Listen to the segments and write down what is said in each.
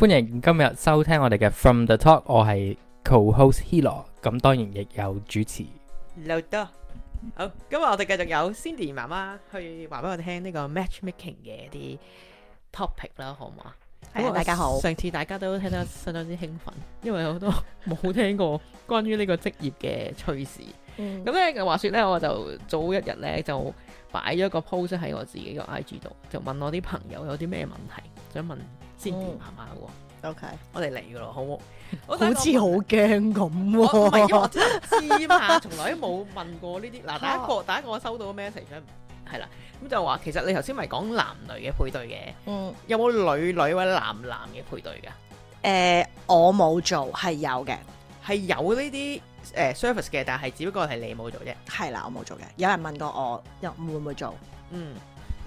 歡迎今日收聽我哋嘅 From the Talk，我係 Co Host 希羅，咁當然亦有主持老多。好，今日我哋繼續有 Cindy 媽媽去話俾我哋聽呢個 Matchmaking 嘅一啲 topic 啦，好唔好啊？誒，大家好。上次大家都聽得相當之興奮，因為有好多冇聽過關於呢個職業嘅趣事。咁咧，話說咧，我就早一日咧就擺咗個 post 喺我自己個 IG 度，就問我啲朋友有啲咩問題想問。先慢慢喎，OK，我哋嚟噶咯，好冇？好似好驚咁喎，唔係，知嘛，從來都冇問過呢啲。嗱，第一個，第一個我收到個 message，係啦，咁就話其實你頭先咪講男女嘅配對嘅，嗯，有冇女女或者男男嘅配對噶？誒，我冇做，係有嘅，係有呢啲誒 service，嘅，但係只不過係你冇做啫。係啦，我冇做嘅。有人問過我，有會唔會做？嗯，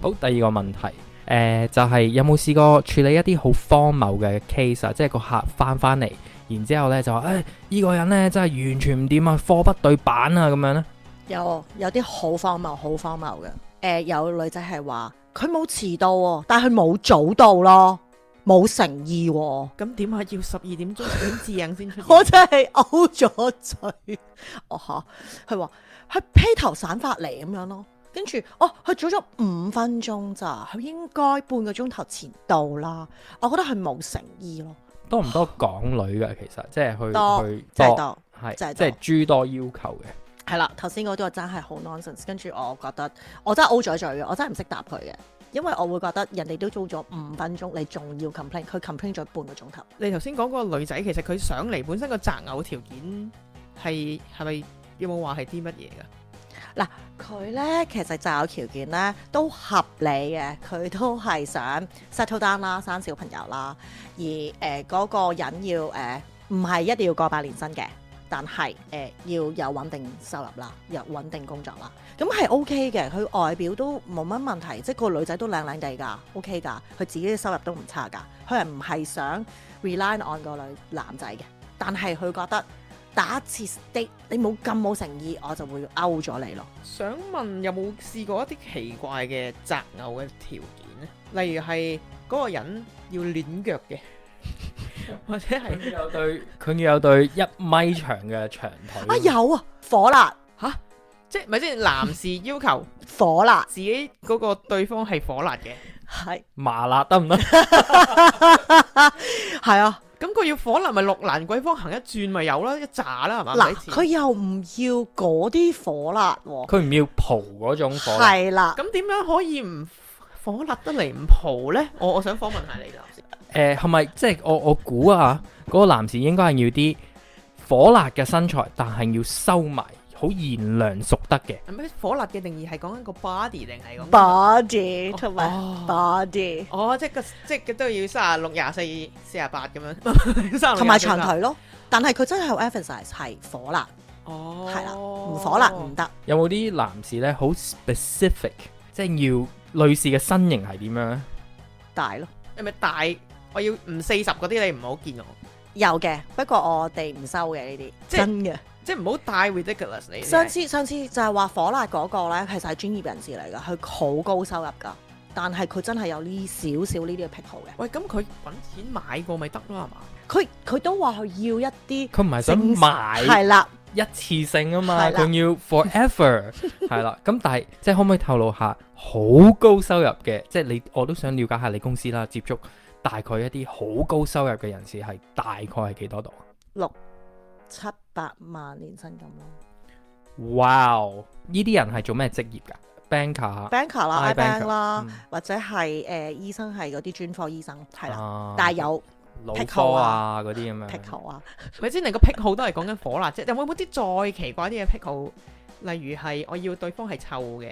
好，第二個問題。誒、呃，就係、是、有冇試過處理一啲好荒謬嘅 case 啊？即係個客翻翻嚟，然之後咧就話：誒、哎、依、這個人咧真係完全唔掂啊，貨不對版啊，咁樣咧有有啲好荒謬，好荒謬嘅。誒、呃，有女仔係話佢冇遲到，但係佢冇早到咯，冇誠意、哦。咁點解要十二點鐘點自影先出？ 我真係嘔咗嘴。哦，佢話佢披頭散髮嚟咁樣咯。跟住，哦，佢早咗五分鐘咋，佢應該半個鐘頭前到啦。我覺得佢冇誠意咯。多唔多港女嘅其實？即係去多去多，係即係即係諸多要求嘅。係啦，頭先嗰啲我真係好 nonsense。跟住我覺得，我真係 o 咗嘴嘅，我真係唔識答佢嘅，因為我會覺得人哋都做咗五分鐘，你仲要 complain，佢 complain 咗半個鐘頭。你頭先講嗰個女仔，其實佢上嚟本身個擇偶條件係係咪有冇話係啲乜嘢㗎？嗱，佢咧其實就有條件咧，都合理嘅。佢都係想 settle down 啦，生小朋友啦。而誒嗰、呃那個人要誒唔係一定要過百年薪嘅，但係誒、呃、要有穩定收入啦，有穩定工作啦。咁係 OK 嘅，佢外表都冇乜問題，即係個女仔都靚靚地㗎，OK 㗎。佢自己嘅收入都唔差㗎，佢唔係想 rely on 個女男仔嘅，但係佢覺得。打次 date，你冇咁冇誠意，我就會 out 咗你咯。想問有冇試過一啲奇怪嘅擇偶嘅條件咧？例如係嗰個人要戀腳嘅， 或者係是佢有對佢 要有對一米長嘅長腿？啊有啊，火辣吓、啊，即係唔係先？男士要求火辣， 火辣，自己嗰個對方係火辣嘅，係麻辣得唔得？係 啊。咁佢、嗯、要火辣咪落、就是、蘭桂坊行一轉咪有啦，一揸啦係嘛？嗱，佢又唔要嗰啲火辣喎、哦，佢唔要蒲嗰種火辣。係啦的，咁點、嗯、樣可以唔火辣得嚟唔蒲咧？我我想訪問下你先。誒係咪即係我我估啊？嗰、那個男士應該係要啲火辣嘅身材，但係要收埋。好賢良淑德嘅，咁火辣嘅定義係講緊個 body 定係咁？body 同埋 body，哦，即係個即係都要卅六廿四四十八咁樣，同 埋 36, 長腿咯。但係佢真係有 advertise 係火辣，哦、oh.，係啦，唔火辣唔得。有冇啲男士咧好 specific，即係要女士嘅身形係點樣？大咯，係咪大？我要唔四十嗰啲，你唔好見我。有嘅，不過我哋唔收嘅呢啲，即真嘅。即係唔好太 r i d i c 上次上次就係話火辣嗰個咧，其實係專業人士嚟噶，佢好高收入噶，但係佢真係有呢少少呢啲癖好嘅。喂，咁佢搵錢買個咪得咯，係嘛？佢佢都話佢要一啲，佢唔係想買，係啦，一次性啊嘛，仲了要 forever，係啦。咁 但係即係可唔可以透露下好高收入嘅？即係你我都想了解下你公司啦，接觸大概一啲好高收入嘅人士係大概係幾多度？六七。八萬年薪咁咯！哇，呢啲、wow，人係做咩職業噶？Banker，Banker 啦，bank 啦，或者係誒醫生係嗰啲專科醫生係啦，但係有癖好啊嗰啲咁樣，癖好啊，咪即、啊啊、 你個癖好都係講緊火辣啫。有冇冇啲再奇怪啲嘅癖好？例如係我要對方係臭嘅，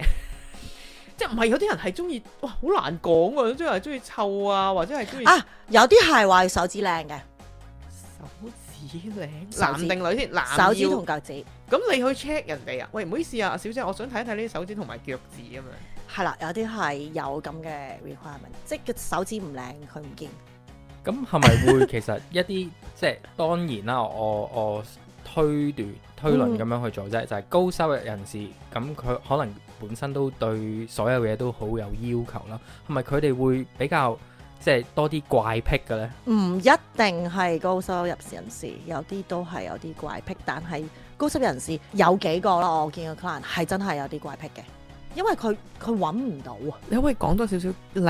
即係唔係有啲人係中意哇好難講啊，即係中意臭啊，或者係中意啊有啲係話手指靚嘅。耳靚，男定女先？男要手指同腳趾。咁你去 check 人哋啊？喂，唔好意思啊，小姐，我想睇一睇呢啲手指同埋腳趾啊嘛。係啦，有啲係有咁嘅 requirement，即係個手指唔靚，佢唔見。咁係咪會其實一啲 即係當然啦？我我推斷推論咁樣去做啫，嗯、就係高收入人士咁，佢可能本身都對所有嘢都好有要求啦。係咪佢哋會比較？即係多啲怪癖嘅咧，唔一定係高收入人士，有啲都係有啲怪癖，但係高收入人士有幾個啦，我見佢可能 a 係真係有啲怪癖嘅，因為佢佢揾唔到啊！你可以講多少少，例如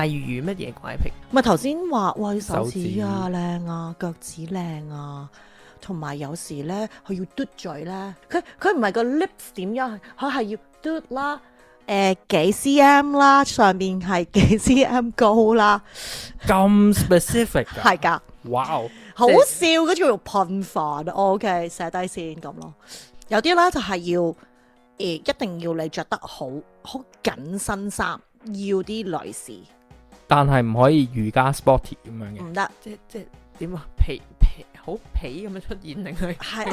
乜嘢怪癖？咪頭先話喂，手指啊靚啊，腳趾靚啊，同埋有，有時咧，佢要嘟嘴咧，佢佢唔係個 lips 點樣，佢係要嘟啦。誒、呃，幾 cm 啦，上面係幾 cm 高啦，咁 specific 噶，係噶，哇，好笑嗰種要噴飯，OK，寫低先咁咯。有啲咧就係、是、要，誒、呃，一定要你着得好好緊身衫，要啲女士，但係唔可以瑜伽 sporty 咁樣嘅，唔得，即即係點啊，皮皮。好皮咁樣出現令佢係，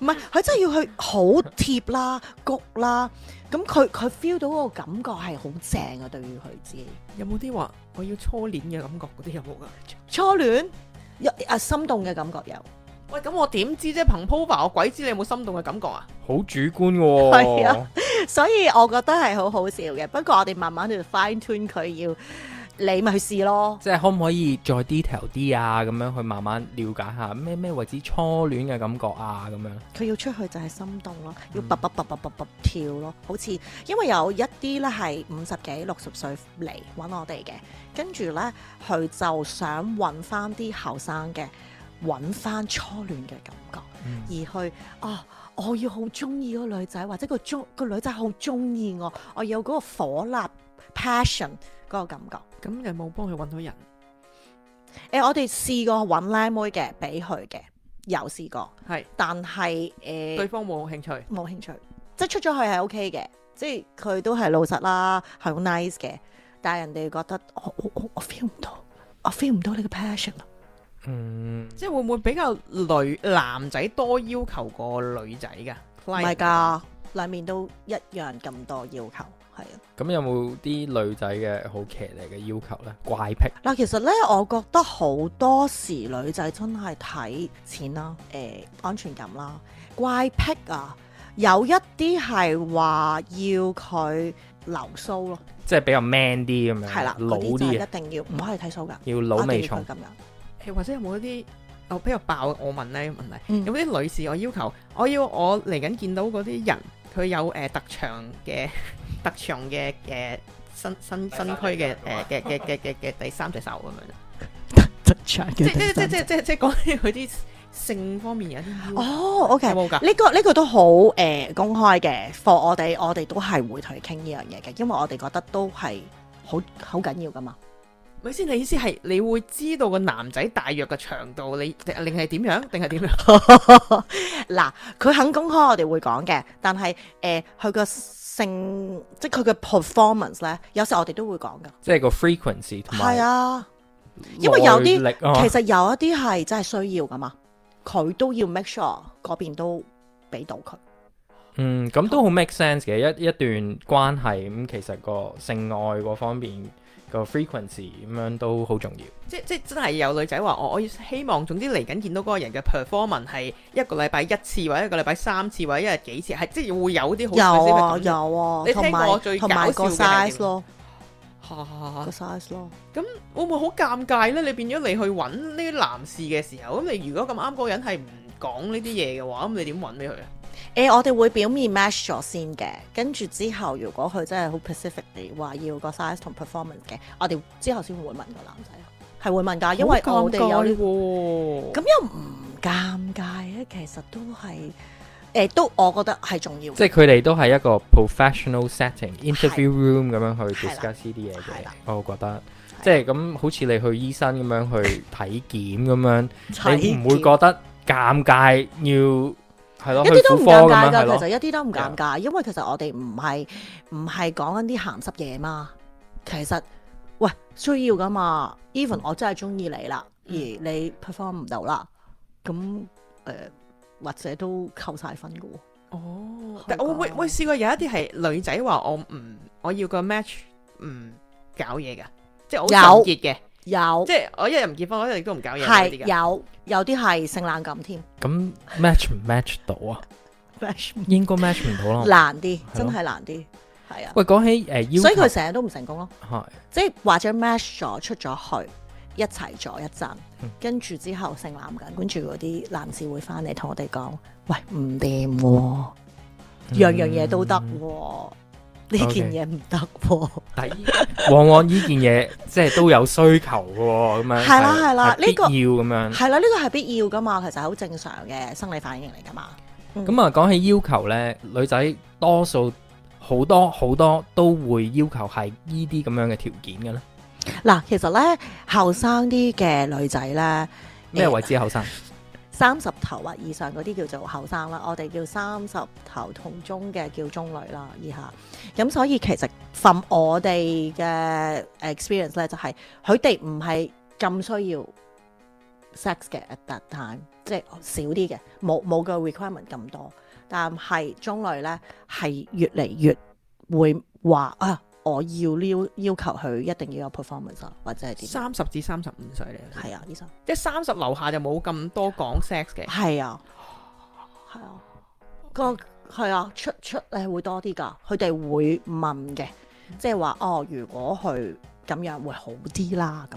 唔係佢真係要去好貼啦、焗啦，咁佢佢 feel 到個感覺係好正啊！對於佢自己有冇啲話我要初戀嘅感覺嗰啲有冇噶？初戀，有，有，戀有啊，心動嘅感覺有。喂，咁我點知啫？憑 Po 我鬼知你有冇心動嘅感覺啊？好主觀嘅、哦，係啊，所以我覺得係好好笑嘅。不過我哋慢慢去 fine tune 佢要。你咪去試咯，即係可唔可以再 detail 啲啊？咁樣去慢慢了解下咩咩為之初戀嘅感覺啊？咁樣佢要出去就係心動咯，要卜卜卜跳咯，好似因為有一啲咧係五十幾六十歲嚟揾我哋嘅，跟住呢，佢就想揾翻啲後生嘅揾翻初戀嘅感覺，嗯、而去啊、哦、我要好中意嗰女仔，或者、那個中個女仔好中意我，我有嗰個火辣 passion。嗰個感覺，咁有冇幫佢揾到人？誒、欸，我哋試過揾僆妹嘅，俾佢嘅，有試過，係，但係誒，欸、對方冇興趣，冇興趣，即係出咗去係 OK 嘅，即係佢都係老實啦，係好 nice 嘅，但係人哋覺得我 feel 唔到，我 feel 唔到你個 passion 咯，嗯，即係會唔會比較女男仔多要求過女仔㗎？唔係㗎，兩面都一樣咁多要求。係啊，咁有冇啲女仔嘅好騎呢嘅要求咧？怪癖，嗱，其實咧，我覺得好多時女仔真係睇錢啦、啊，誒、呃，安全感啦、啊，怪癖啊，有一啲係話要佢留鬚咯、啊，即係比較 man 啲咁樣，係啦的，老啲一,一定要唔、嗯、可以剃鬚噶，要老味重咁樣，誒、欸，或者有冇一啲、哦、我比較爆？我問呢個問題，有冇啲女士我要求，我要我嚟緊見到嗰啲人，佢有誒、呃、特長嘅。特長嘅，嘅身身身軀嘅誒嘅嘅嘅嘅嘅第三隻手咁樣，即即即即即即講起佢啲性方面嘅先。哦，OK，冇噶呢個呢個都好誒公開嘅課，我哋我哋都係會同佢傾呢樣嘢嘅，因為我哋覺得都係好好緊要噶嘛。咪先，你意思係你會知道個男仔大約嘅長度，你定係點樣，定係點樣？嗱，佢肯公開我哋會講嘅，但係誒佢個。性即係佢嘅 performance 咧，有時候我哋都會講噶。即係個 frequency 同埋。係啊，力因為有啲 其實有一啲係真係需要噶嘛，佢都要 make sure 嗰邊都俾到佢。嗯，咁都好 make sense 嘅好一一段關係咁、嗯，其實個性愛嗰方面。個 frequency 咁樣都好重要，即即真係有女仔話我，我希望總之嚟緊見到嗰個人嘅 performance 係一個禮拜一次，或者一個禮拜三次，或者一日幾次，係即會有啲好，有啊有啊。你聽過有最搞笑嘅 size 咯，吓吓吓 size 咯。咁會唔會好尷尬咧？你變咗你去揾呢啲男士嘅時候，咁你如果咁啱嗰個人係唔講呢啲嘢嘅話，咁你點揾俾佢啊？誒、欸，我哋會表面 match 咗先嘅，跟住之後，如果佢真係好 specific 地話要個 size 同 performance 嘅，我哋之後先會問個男仔，係會問㗎，因為我哋有咁又唔尷尬咧。其實都係誒、欸，都我覺得係重要。即係佢哋都係一個 professional setting 的 interview room 咁樣去 discuss 呢啲嘢嘅。的我覺得的即係咁，好似你去醫生咁樣去體檢咁樣， 你唔會覺得尷尬要。係咯，對一啲都唔尷尬噶。對其實一啲都唔尷尬，對因為其實我哋唔係唔係講緊啲鹹濕嘢嘛。其實喂，需要噶嘛。Even 我真係中意你啦，嗯、而你 perform 唔到啦，咁誒、呃，或者都扣晒分噶。哦，但我會會試過有一啲係女仔話我唔我要個 match 唔搞嘢噶，即係好糾結嘅。有 有，即係我一日唔結婚，我一日亦都唔搞嘢嗰有，有啲係性冷感添。咁 match 唔 match 到啊應該 match 唔到咯，難啲，真係難啲，係啊。喂，講起誒，所以佢成日都唔成功咯。係，即係或者 match 咗出咗去，一齊咗一陣，跟住之後性冷感，跟住嗰啲男士會翻嚟同我哋講：，喂，唔掂，樣樣嘢都得。呢件嘢唔得喎，但往往呢件嘢 即係都有需求嘅咁樣，係啦係啦呢個要咁樣，係啦呢個係必要噶、啊、嘛，其實好正常嘅生理反應嚟噶嘛。咁啊、嗯，講起要求咧，女仔多數好多好多都會要求係呢啲咁樣嘅條件嘅咧。嗱，其實咧後生啲嘅女仔咧，咩、呃、為之後生？ 三十頭或、啊、以上嗰啲叫做後生啦，我哋叫三十頭同中嘅叫中女啦、啊，以下。咁所以其實 from 我哋嘅 experience 咧，就係佢哋唔係咁需要 sex 嘅 at that time，即係少啲嘅，冇冇個 requirement 咁多。但係中女咧係越嚟越會話啊。我要要要求佢一定要有 performance 或者係點？三十至三十五歲咧，係啊，醫生，即係三十樓下就冇咁多講 sex 嘅，係啊，係啊，啊嗯、個係啊，出出咧會多啲噶，佢哋會問嘅，即係話哦，如果佢咁樣會好啲啦，咁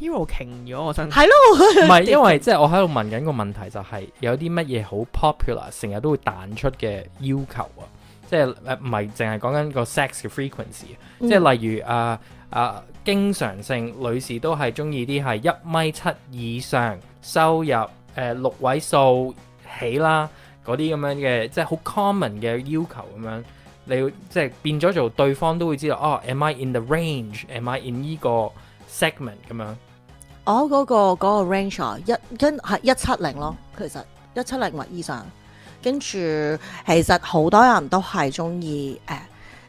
hero 傾咗我想，係咯，唔係 因為即係我喺度問緊個問題就係、是、有啲乜嘢好 popular，成日都會彈出嘅要求啊。即係誒唔係淨係講緊個 sex 嘅 frequency，嗯、即係例如啊啊經常性女士都係中意啲係一米七以上，收入誒六、呃、位數起啦嗰啲咁樣嘅，即係好 common 嘅要求咁樣。你要即係變咗做對方都會知道哦，oh，am I in the range？am I in 呢個 segment 咁樣？我嗰、哦那個嗰、那個 range 啊，一一七零咯，其實一七零或以上。跟住，其實好多人都係中意誒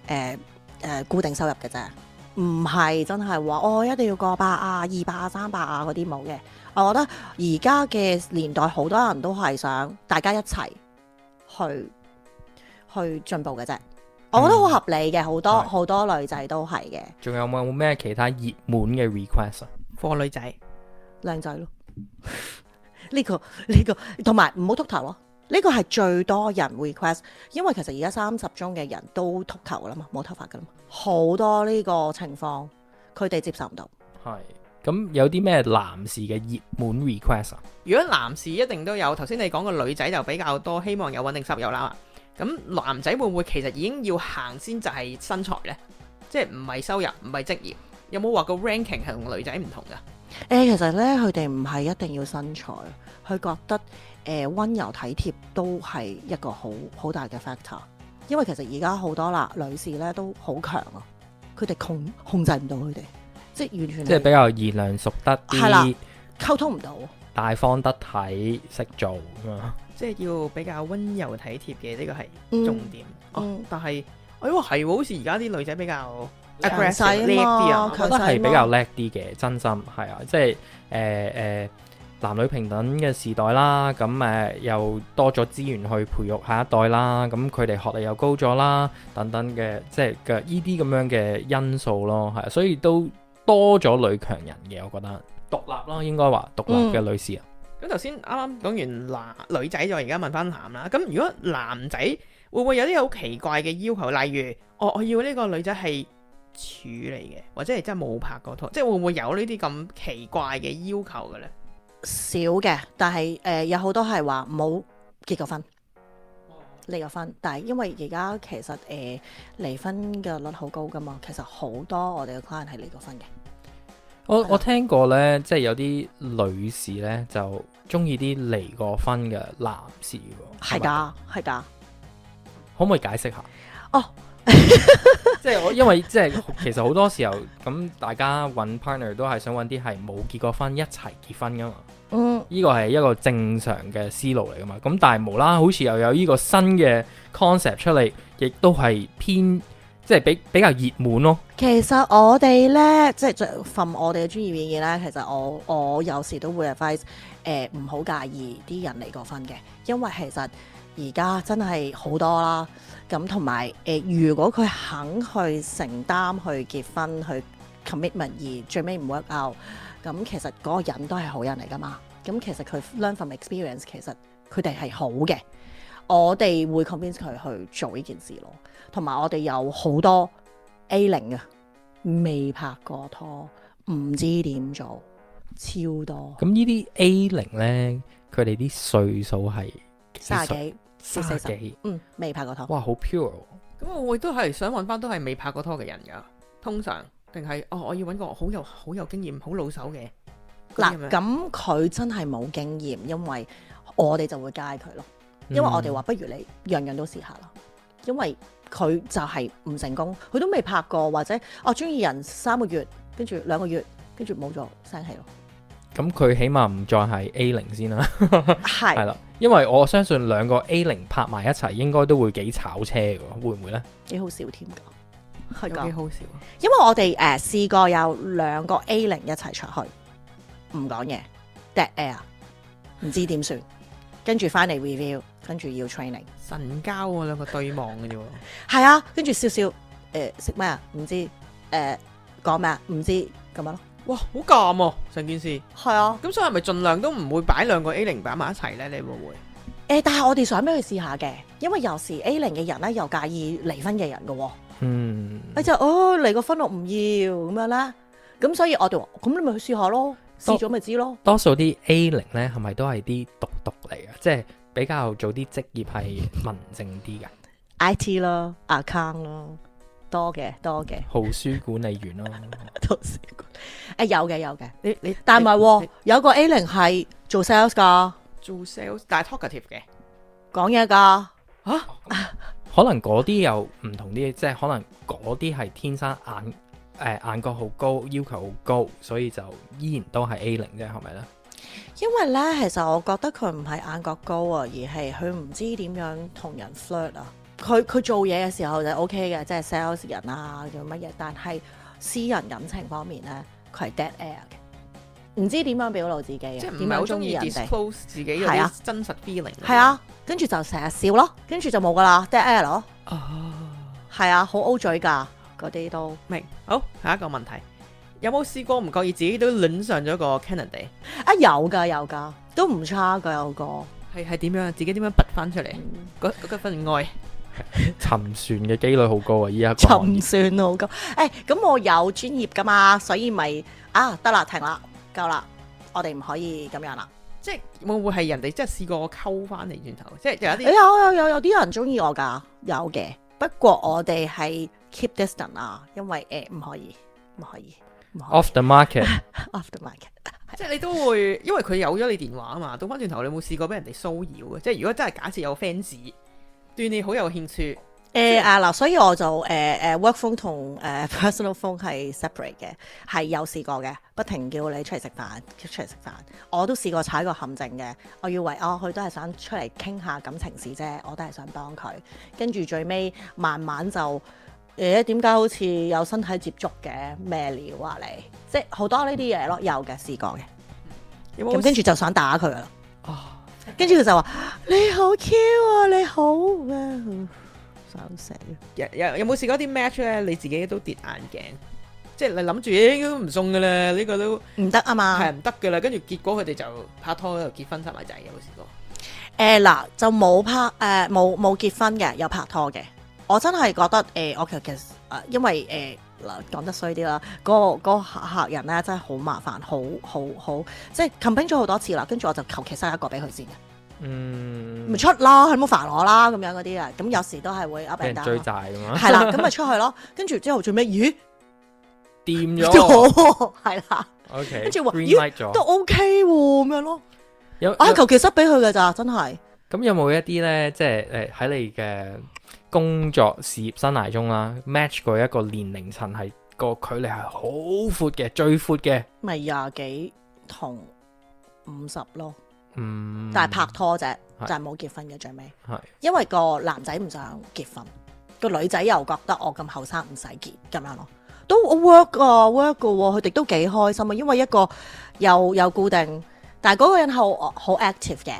誒誒固定收入嘅啫，唔係真係話哦一定要過百啊、二百啊、三百啊嗰啲冇嘅。我覺得而家嘅年代，好多人都係想大家一齊去去進步嘅啫。我覺得好合理嘅，好多、嗯、是好多女仔都係嘅。仲有冇咩其他熱門嘅 request？個女仔靚仔咯，呢個呢、呢個同埋唔好禿頭咯！呢個係最多人 request，因為其實而家三十中嘅人都禿頭噶啦嘛，冇頭髮噶啦嘛，好多呢個情況佢哋接受唔到。係，咁有啲咩男士嘅熱門 request 啊？如果男士一定都有，頭先你講個女仔就比較多，希望有穩定收入啦。咁男仔會唔會其實已經要行先就係身材呢？即係唔係收入唔係職業？有冇話個 ranking 係同女仔唔同噶？誒、欸，其實咧，佢哋唔係一定要身材，佢覺得誒、呃、溫柔體貼都係一個好好大嘅 factor。因為其實而家好多啦女士咧都好強啊，佢哋控控制唔到佢哋，即係完全即係比較賢良淑德啲，溝通唔到，大方得體，識做啊，即係要比較溫柔體貼嘅呢個係重點。嗯，嗯啊、但係哎喎係好似而家啲女仔比較。女仔 Agg 啊，啊我覺得係比較叻啲嘅，啊、真心係啊，即係誒誒，男女平等嘅時代啦，咁、嗯、誒、呃、又多咗資源去培育下一代啦，咁佢哋學歷又高咗啦，等等嘅，即係嘅呢啲咁樣嘅因素咯，係，所以都多咗女強人嘅，我覺得獨立啦，應該話獨立嘅女士啊。咁頭先啱啱講完男女仔，就而家問翻男啦。咁如果男仔會唔會有啲好奇怪嘅要求？例如，我我要呢個女仔係。處理嘅，或者係真係冇拍過拖，即係會唔會有呢啲咁奇怪嘅要求嘅咧？少嘅，但係誒、呃、有好多係話冇結過婚、離、哦、過婚，但係因為而家其實誒離、呃、婚嘅率好高噶嘛，其實好多我哋嘅 client 係離過婚嘅。我的我聽過咧，即係有啲女士咧就中意啲離過婚嘅男士喎，係噶係噶，可唔可以解釋下？哦。 即係我，因為即係其實好多時候咁，大家搵 partner 都係想搵啲係冇結過婚，一齊結婚噶嘛。嗯、哦，呢個係一個正常嘅思路嚟噶嘛。咁但係無啦，好似又有呢個新嘅 concept 出嚟，亦都係偏即係比比較熱門咯。其實我哋呢，即係就我哋嘅專業意見呢，其實我我有時都會 advise，誒唔好介意啲人離過婚嘅，因為其實而家真係好多啦。咁同埋誒，如果佢肯去承擔去結婚去 commitment 而最尾唔 work out，咁其實嗰個人都係好人嚟噶嘛。咁、嗯、其實佢 learn from experience，其實佢哋係好嘅。我哋會 convince 佢去做呢件事咯。同埋我哋有好多 A 零啊，未拍過拖，唔知點做，超多。咁、嗯、呢啲 A 零咧，佢哋啲歲數係三十幾。嗯，未拍過拖，哇，好 pure，咁我會都係想揾翻都係未拍過拖嘅人噶，通常定係哦，我要揾個好有好有經驗、好老手嘅，嗱，咁佢真係冇經驗，因為我哋就會介佢咯，因為我哋話、嗯、不如你樣樣都試下咯，因為佢就係唔成功，佢都未拍過或者哦中意人三個月，跟住兩個月，跟住冇咗，聲氣咯。咁佢起碼唔再係 A 零先啦 是，係係啦，因為我相信兩個 A 零拍埋一齊應該都會幾炒車嘅喎，會唔會咧？幾好笑添㗎，係㗎，幾好笑！因為我哋誒、呃、試過有兩個 A 零一齊出去，唔講嘢，dead air，唔知點算，跟住翻嚟 review，跟住要 training，神交啊兩個對望嘅啫喎，係 啊，跟住笑笑誒食咩啊？唔、呃、知誒講咩啊？唔、呃、知咁樣咯。哇，好尷啊！成件事係啊，咁所以係咪盡量都唔會擺兩個 A 零擺埋一齊咧？你會唔會？誒、欸，但係我哋想俾去試下嘅，因為有時 A 零嘅人咧又介意離婚嘅人噶、哦，嗯，即就哦，離個婚我唔要咁樣啦。咁所以我哋話，咁你咪去試下咯，試咗咪知咯。多數啲 A 零咧係咪都係啲毒毒嚟嘅？即、就、係、是、比較做啲職業係文靜啲嘅 IT 咯、account 咯。多嘅多嘅，圖書管理員咯， 圖書館誒、哎、有嘅有嘅，你你但係、哎、有個 A 零係做 sales 噶，做 sales 但係 talkative 嘅，講嘢噶吓，啊、可能嗰啲又唔同啲， 即係可能嗰啲係天生眼誒、呃、眼角好高，要求好高，所以就依然都係 A 零啫，係咪咧？因為咧，其實我覺得佢唔係眼角高啊，而係佢唔知點樣同人 flirt 啊。佢佢做嘢嘅時候就 O K 嘅，即係 sales 人啊，做乜嘢？但係私人感情方面咧，佢係 dead air 嘅，唔知點樣表露自己。即係唔係好中意人哋，自己有啲真實 feeling。係啊，啊啊跟住就成日笑咯，跟住就冇噶啦，dead air 咯。哦，係啊，好 O 嘴噶，嗰啲都明。好，下一個問題，有冇試過唔覺意自己都戀上咗個 candidate？啊有噶有噶，都唔差噶有個。係係點樣啊？自己點樣拔翻出嚟？嗰嗰份愛。沉船嘅機率好高啊！依家沉船好高。誒、哎，咁我有專業噶嘛，所以咪、就是、啊，得啦，停啦，夠啦，我哋唔可以咁樣啦。即係會唔會係人哋即係試過我溝翻嚟轉頭？即係有啲、哎。有有有啲人中意我噶，有嘅。不過我哋係 keep distant 啊，因為誒唔、呃、可以，唔可以，唔可以，Off the market，off the market 即係你都會，因為佢有咗你電話啊嘛。倒翻轉頭，你冇試過俾人哋騷擾嘅？即係如果真係假設有 fans。對你好有興趣，誒、嗯、啊嗱、啊，所以我就誒誒、呃呃、work phone 同誒、呃、personal phone 係 separate 嘅，係有試過嘅，不停叫你出嚟食飯，出嚟食飯，我都試過踩個陷阱嘅。我以為，哦，佢都係想出嚟傾下感情事啫，我都係想幫佢。跟住最尾慢慢就誒，點解好似有身體接觸嘅？咩料啊你？即係好多呢啲嘢咯，有嘅試過嘅。咁跟住就想打佢啦.。 跟住佢就話： descript 你好 cute 啊，你好，想、啊、死有有有冇試過啲 match 咧？你自己都跌眼鏡，即係你諗住應該唔送嘅啦。呢個都唔得啊嘛，係唔得嘅啦。跟住 Not 結果佢哋就拍拖又結婚生埋仔，有冇試過？誒嗱、呃、就冇拍誒冇冇結婚嘅，有拍拖嘅。我真係覺得誒，我其實。因為誒，講得衰啲啦，嗰個客人咧真係好麻煩，好好好，即係 complain 咗好多次啦，跟住我就求其塞一個俾佢先嘅。嗯，咪出啦，佢好煩我啦，咁樣嗰啲啊。咁有時都係會阿餅打追債咁樣。係啦，咁咪出去咯。跟住之後最尾，咦？掂咗，係啦。O K，跟住話，咦，都 O K 喎，咁樣咯。有啊，求其塞俾佢嘅咋，真係。咁有冇一啲咧，即係誒喺你嘅？工作、事業生涯中啦，match 過一個年齡層係個距離係好闊嘅，最闊嘅咪廿幾同五十咯。嗯，但係拍拖啫，是就係冇結婚嘅最尾。係是因為個男仔唔想結婚，個女仔又覺得我咁後生唔使結咁樣咯。都 work 㗎 work 㗎，佢哋都幾開心啊！因為一個又有固定，但係嗰個人好好 active 嘅。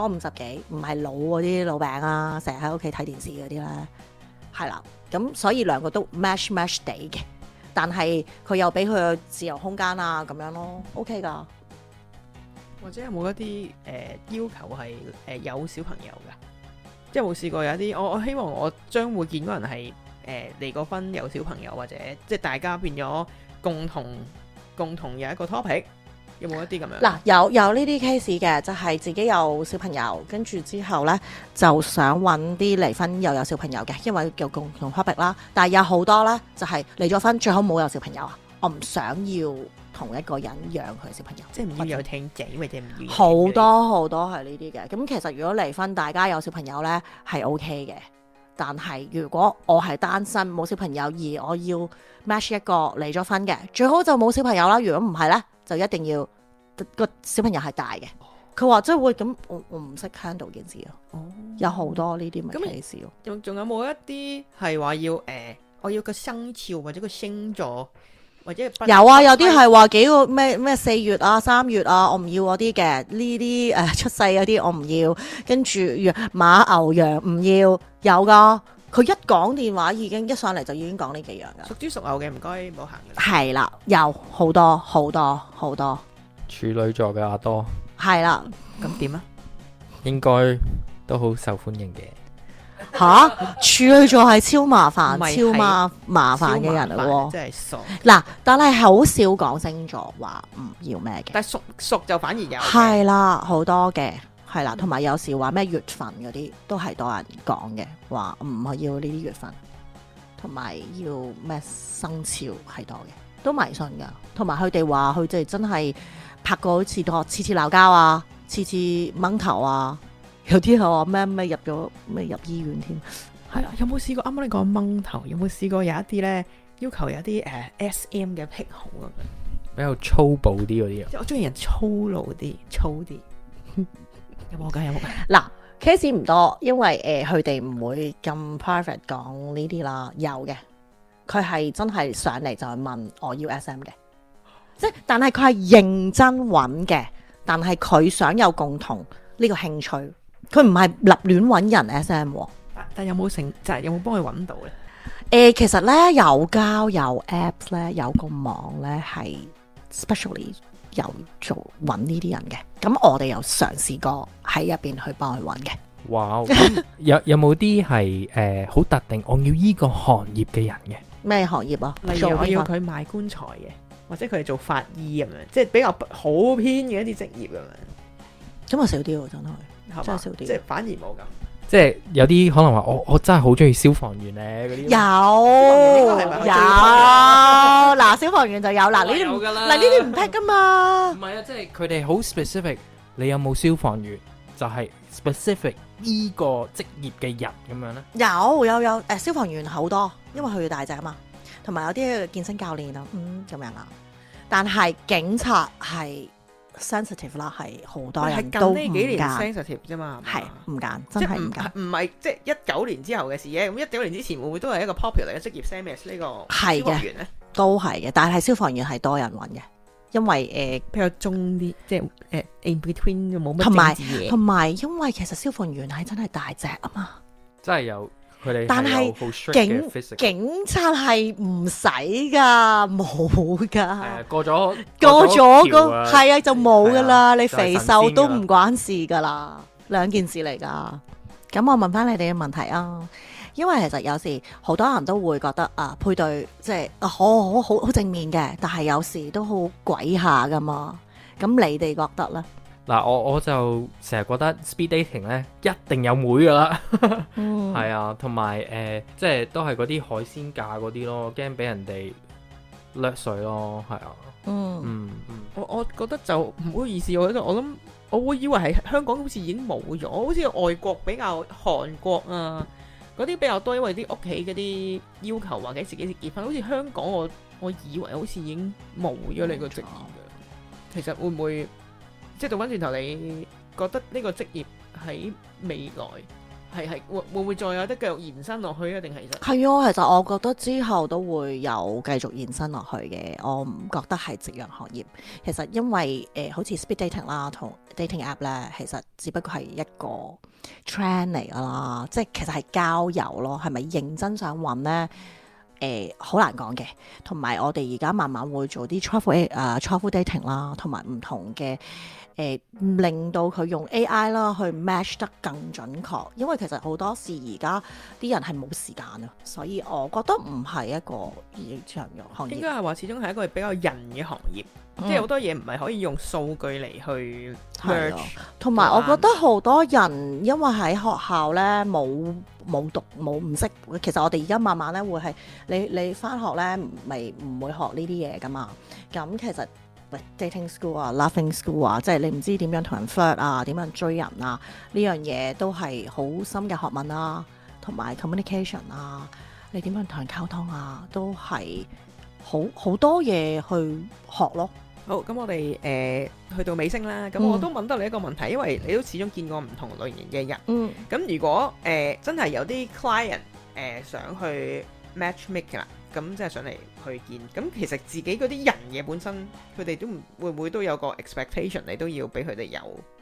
我五十幾，唔係老嗰啲老餅啊，成日喺屋企睇電視嗰啲啦，係啦，咁所以兩個都 match match 地嘅，但係佢又俾佢自由空間啊，咁樣咯，OK 噶。或者有冇一啲誒、呃、要求係誒、呃、有小朋友噶？即係冇試過有一啲，我我希望我將會見到人係誒、呃、離過婚有小朋友，或者即係大家變咗共同共同有一個 topic。有冇一啲咁樣？嗱，有有呢啲 case 嘅，就係、是、自己有小朋友，跟住之後呢，就想揾啲離婚又有小朋友嘅，因為有共同 public 啦。但係有好多呢，就係、是、離咗婚，最好冇有,有小朋友啊！我唔想要同一個人養佢小朋友，即係唔要有聽證，因為即係好多好多係呢啲嘅。咁其實如果離婚，大家有小朋友呢，係 OK 嘅。但係，如果我係單身冇小朋友，而我要 match 一個離咗婚嘅，最好就冇小朋友啦。如果唔係呢，就一定要、個小朋友係大嘅。佢話真會咁，我我唔識 handle 件事咯。哦、有好多呢啲咁嘅事咯。仲、哦、有冇一啲係話要誒、呃，我要個生肖或者個星座？有啊，有啲係話幾個咩咩四月啊、三月啊，我唔要嗰啲嘅，呢啲誒出世嗰啲我唔要，跟住羊、馬、牛、羊唔要，有噶佢一講電話已經一上嚟就已經講呢幾樣噶屬豬屬牛嘅，唔該唔好行。係啦，有好多好多好多。多多處女座嘅阿，多係啦，咁點啊？ 應該都好受歡迎嘅。吓、啊、處女座係超麻煩、是是超麻、啊、超麻煩嘅人嚟喎，真係傻！嗱，但係好少講星座話唔要咩嘅，但熟熟就反而有係啦，好多嘅係啦，同埋有時話咩月份嗰啲都係多人講嘅，話唔係要呢啲月份，同埋要咩生肖係多嘅，都迷信噶，同埋佢哋話佢哋真係拍過一次拖，次次鬧交啊，次次掹頭啊。有啲係話咩咩入咗咩入醫院添，係、哎、啦。有冇試過啱啱你講掹頭？有冇試過有一啲咧要求有一啲誒、呃、S.M. 嘅癖好咁樣比較粗暴啲嗰啲啊？我中意人粗魯啲，粗啲 有冇梗有冇？嗱 case 唔多，因為誒佢哋唔會咁 private 講呢啲啦。有嘅，佢係真係上嚟就問我要 S.M. 嘅，即係但係佢係認真揾嘅，但係佢想有共同呢、呢個興趣。佢唔係立亂揾人 SM S M，但但有冇成就係有冇幫佢揾到咧？誒、欸，其實咧有交友 Apps 咧，有，APP，有個網咧係 specially 有做揾呢啲人嘅。咁我哋又嘗試過喺入邊去幫佢揾嘅。哇！有有冇啲係誒好特定？我要呢個行業嘅人嘅，咩行業啊？例如我要佢賣棺材嘅，或者佢係做法醫咁樣，即、就、係、是、比較好偏嘅一啲職業咁樣。咁 啊少啲喎，真係。即係反而冇咁，即係有啲可能話我我真係好中意消防員咧嗰啲。有有嗱消防員就有嗱呢啲，嗱呢啲唔 pick 噶嘛。唔係啊，即係佢哋好 specific。你有冇消防員就係 specific 呢個職業嘅人咁樣咧？有有有誒，消防員好多，因為佢要大隻啊嘛，同埋有啲健身教練啊，咁樣啦。但係警察係。Sensitive 啦，係好多人，係近呢幾年 Sensitive 啫嘛，係唔揀，真係唔揀，唔係即係一九年之後嘅事啫。咁一九年之前會唔會都係一個 popular 嘅職業 Same as 呢個消防員，係嘅，都係嘅，但係消防員係多人揾嘅，因為誒、呃、比較中啲，即係誒、呃、in between 冇乜同埋同埋，因為其實消防員係真係大隻啊嘛，真係有。但係警警察係唔使噶，冇噶。誒，過咗過咗、個係啊，就冇噶啦。的你肥瘦都唔關事噶啦，兩件事嚟噶。咁的我問翻你哋嘅問題啊，因為其實有時好多人都會覺得啊，配對即係、就是啊、好好好好正面嘅，但係有時都好鬼下噶嘛。咁你哋覺得咧？嗱，我我就成日覺得 speed dating 咧，一定有妹噶啦，係、 嗯、啊，同埋誒，即係都係嗰啲海鮮價嗰啲咯，驚俾人哋掠水咯，係啊，嗯嗯，我，我我覺得就唔好意思，我覺得我諗，我會以為喺香港好似已經冇咗，好似外國比較韓國啊嗰啲比較多，因為啲屋企嗰啲要求或者自己先結婚，好似香港我我以為好似已經冇咗你個職業㗎，差其實會唔會？即係倒翻轉頭，你覺得呢個職業喺未來係係會會唔會再有得繼續延伸落去啊？定係其實係啊，其實我覺得之後都會有繼續延伸落去嘅。我唔覺得係夕陽行業。其實因為誒、呃，好似 speed dating 啦同 dating app 咧，其實只不過係一個 trend 嚟噶啦。即係其實係交友咯，係咪認真想揾呢？誒好難講嘅，同埋我哋而家慢慢會做啲 travel 誒，travel dating 啦，同埋唔同嘅誒，令到佢用 AI 啦去 match 得更準確。因為其實好多時而家啲人係冇時間啊，所以我覺得唔係一個長遠行業，應該係話始終係一個比較人嘅行業。嗯、即係好多嘢唔係可以用數據嚟去 search 同埋我覺得好多人因為喺學校咧冇冇讀冇唔識，其實我哋而家慢慢咧會係你你返學咧咪唔會學呢啲嘢㗎嘛。咁其實、With、dating school, school 啊、loving school 啊，即係你唔知點樣同人 flirt 啊、點樣追人啊，呢樣嘢都係好深嘅學問啦、啊，同埋 communication 啊，你點樣同人溝通啊，都係好好多嘢去學咯。好咁，我哋誒、呃、去到尾聲啦。咁我都問到你一個問題，因為你都始終見過唔同類型嘅人。嗯，咁如果誒、呃、真係有啲 client 誒、呃、想去 matchmaker，咁即係上嚟去見，咁其實自己嗰啲人嘅本身，佢哋都會唔會都有個 expectation，你都要俾佢哋有。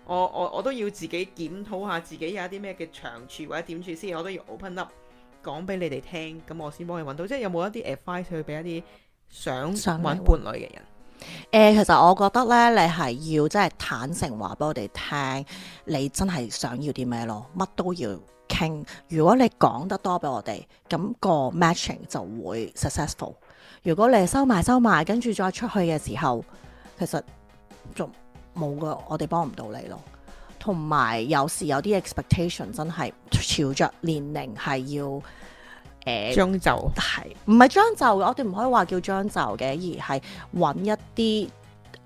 我我我都要自己檢討下自己有一啲咩嘅長處或者點處先，我都要 open up 講俾你哋聽，咁我先幫你揾到。即係有冇一啲 advice 去俾一啲想揾伴侶嘅人？誒，其實我覺得咧，你係要真係坦誠話俾我哋聽，你真係想要啲咩咯，乜都要傾。如果你講得多俾我哋，咁個 matching 就會 successful。如果你收埋收埋，跟住再出去嘅時候，其實仲冇㗎，我哋幫唔到你咯。同埋有，有時有啲 expectation 真係朝着年齡係要。將就係唔係將就，我哋唔可以話叫將就嘅，而係搵一啲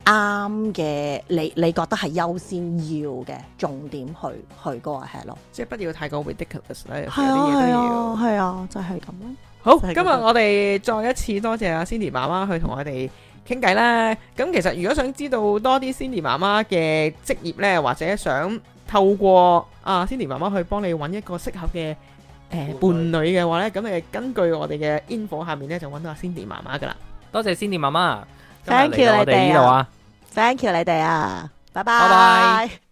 啱嘅，你你覺得係優先要嘅重點去去嗰個係咯，即係不要太過 ridiculous 咧，有啲嘢係啊，就係咁咯。好，今日我哋再一次多謝阿 Cindy 媽媽去同我哋傾偈啦。咁其實如果想知道多啲 Cindy 媽媽嘅職業咧，或者想透過阿 Cindy 媽媽去幫你搵一個適合嘅。誒，呃、伴侶嘅話咧，咁誒根據我哋嘅煙火下面咧，就揾到阿 Cindy 媽媽噶啦。多謝 Cindy 媽媽我，thank you 你哋啊，thank you 你哋啊，拜拜啊。Bye bye bye bye